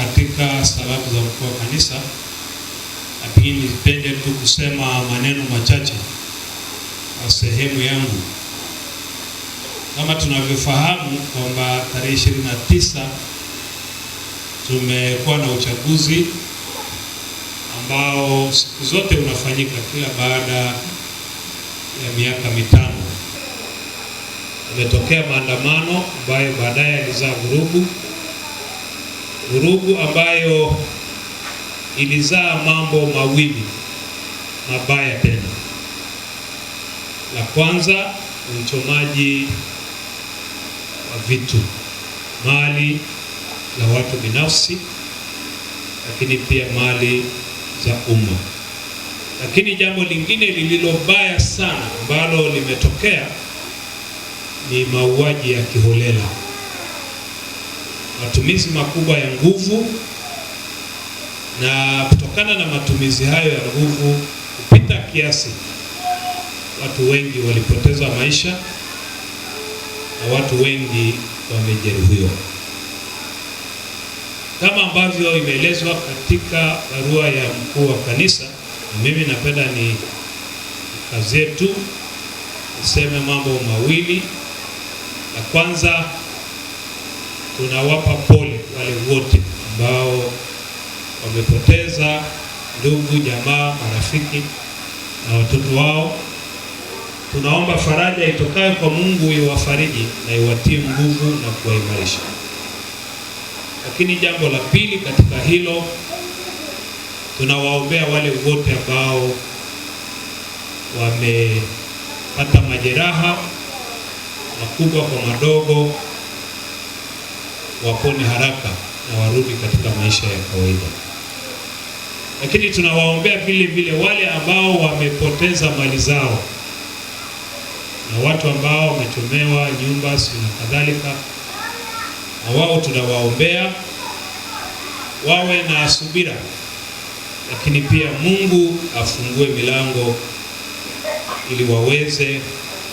katika salamu za mkuu wa kanisa, lakini nipende tu kusema maneno machache kwa sehemu yangu. Kama tunavyofahamu kwamba tarehe 29 tumekuwa na uchaguzi ambao siku zote unafanyika kila baada ya miaka mitano. Umetokea maandamano ambayo baadaye yalizaa vurugu vurugu ambayo ilizaa mambo mawili mabaya tena. La kwanza ni uchomaji wa vitu mali za watu binafsi, lakini pia mali za umma. Lakini jambo lingine lililobaya sana ambalo limetokea ni mauaji ya kiholela matumizi makubwa ya nguvu, na kutokana na matumizi hayo ya nguvu kupita kiasi, watu wengi walipoteza maisha na watu wengi wamejeruhiwa, kama ambavyo imeelezwa katika barua ya mkuu wa kanisa. Na mimi napenda ni kazi yetu niseme mambo mawili. La kwanza tunawapa pole wale wote ambao wamepoteza ndugu, jamaa, marafiki na watoto wao. Tunaomba faraja itokayo kwa Mungu iwafariji na iwatie nguvu na kuwaimarisha. Lakini jambo la pili katika hilo, tunawaombea wale wote ambao wamepata majeraha makubwa kwa madogo wapone haraka na warudi katika maisha ya kawaida. Lakini tunawaombea vile vile wale ambao wamepoteza mali zao na watu ambao wamechomewa nyumba si na kadhalika, na wao tunawaombea wawe na subira, lakini pia Mungu afungue milango ili waweze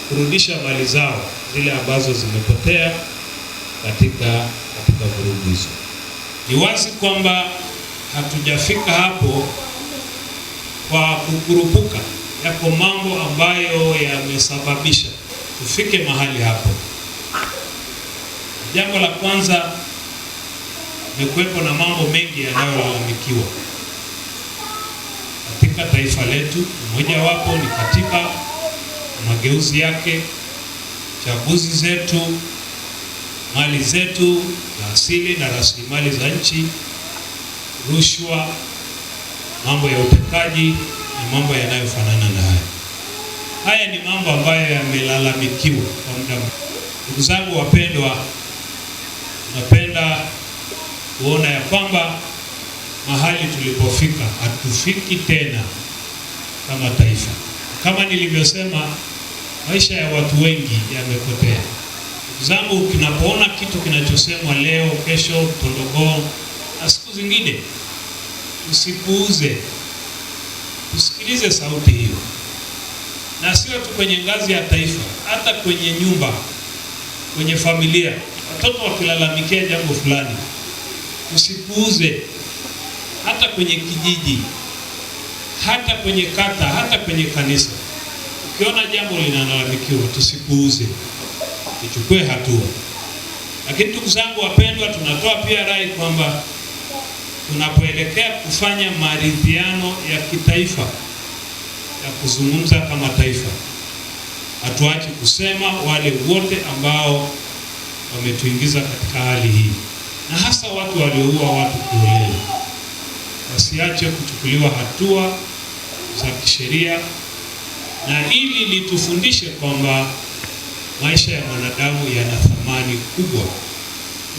kurudisha mali zao zile ambazo zimepotea katika katika vurugu hizo. Ni wazi kwamba hatujafika hapo kwa kukurupuka. Yako mambo ambayo yamesababisha tufike mahali hapo. Jambo la kwanza ni kuwepo na mambo mengi yanayolalamikiwa katika taifa letu. Mmojawapo ni katiba, mageuzi yake, chaguzi zetu mali zetu za asili na rasilimali za nchi, rushwa, mambo ya utekaji na mambo yanayofanana na haya. Haya ni mambo ambayo yamelalamikiwa kwa muda mrefu. Ndugu zangu wapendwa, napenda kuona ya kwamba mahali tulipofika hatufiki tena kama taifa. Kama nilivyosema, maisha ya watu wengi yamepotea zangu, kinapoona kitu kinachosemwa leo, kesho Tondogoo na siku zingine, usipuuze, tusikilize sauti hiyo, na sio tu kwenye ngazi ya taifa, hata kwenye nyumba, kwenye familia, watoto wakilalamikia jambo fulani, usipuuze, hata kwenye kijiji, hata kwenye kata, hata kwenye kanisa, ukiona jambo linalalamikiwa, tusipuuze ichukue hatua. Lakini ndugu zangu wapendwa, tunatoa pia rai kwamba tunapoelekea kufanya maridhiano ya kitaifa ya kuzungumza kama taifa, hatuachi kusema wale wote ambao wametuingiza katika hali hii, na hasa watu walioua watu kiolela, wasiache kuchukuliwa hatua za kisheria, na ili litufundishe kwamba maisha ya mwanadamu yana thamani kubwa,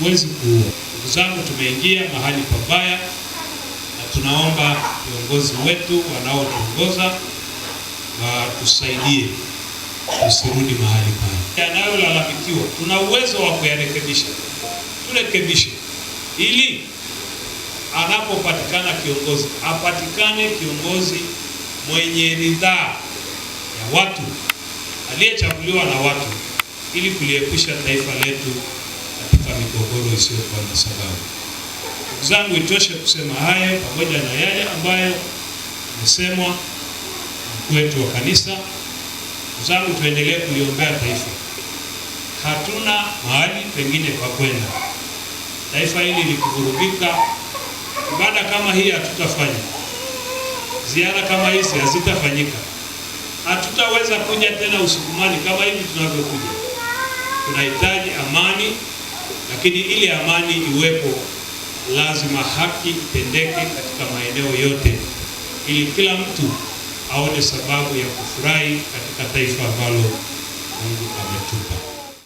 huwezi kuua. Ndugu zangu, tumeingia mahali pabaya, na tunaomba viongozi wetu wanaotuongoza watusaidie tusirudi mahali pale. Yanayolalamikiwa tuna uwezo wa kuyarekebisha, turekebishe ili anapopatikana kiongozi apatikane kiongozi mwenye ridhaa ya watu, aliyechaguliwa na watu ili kuliepusha taifa letu katika migogoro isiyokuwa na sababu. Ndugu zangu, itoshe kusema haya pamoja na yale ambayo imesemwa mkuu wetu wa kanisa. Ndugu zangu, tuendelee kuliombea taifa. Hatuna mahali pengine pa kwenda. Taifa hili likivurugika, ibada kama hii hatutafanya, ziara kama hizi hazitafanyika, hatutaweza kuja tena usukumani kama hivi tunavyokuja tunahitaji amani, lakini ili amani iwepo, lazima haki itendeke katika maeneo yote, ili kila mtu aone sababu ya kufurahi katika taifa ambalo Mungu ametupa.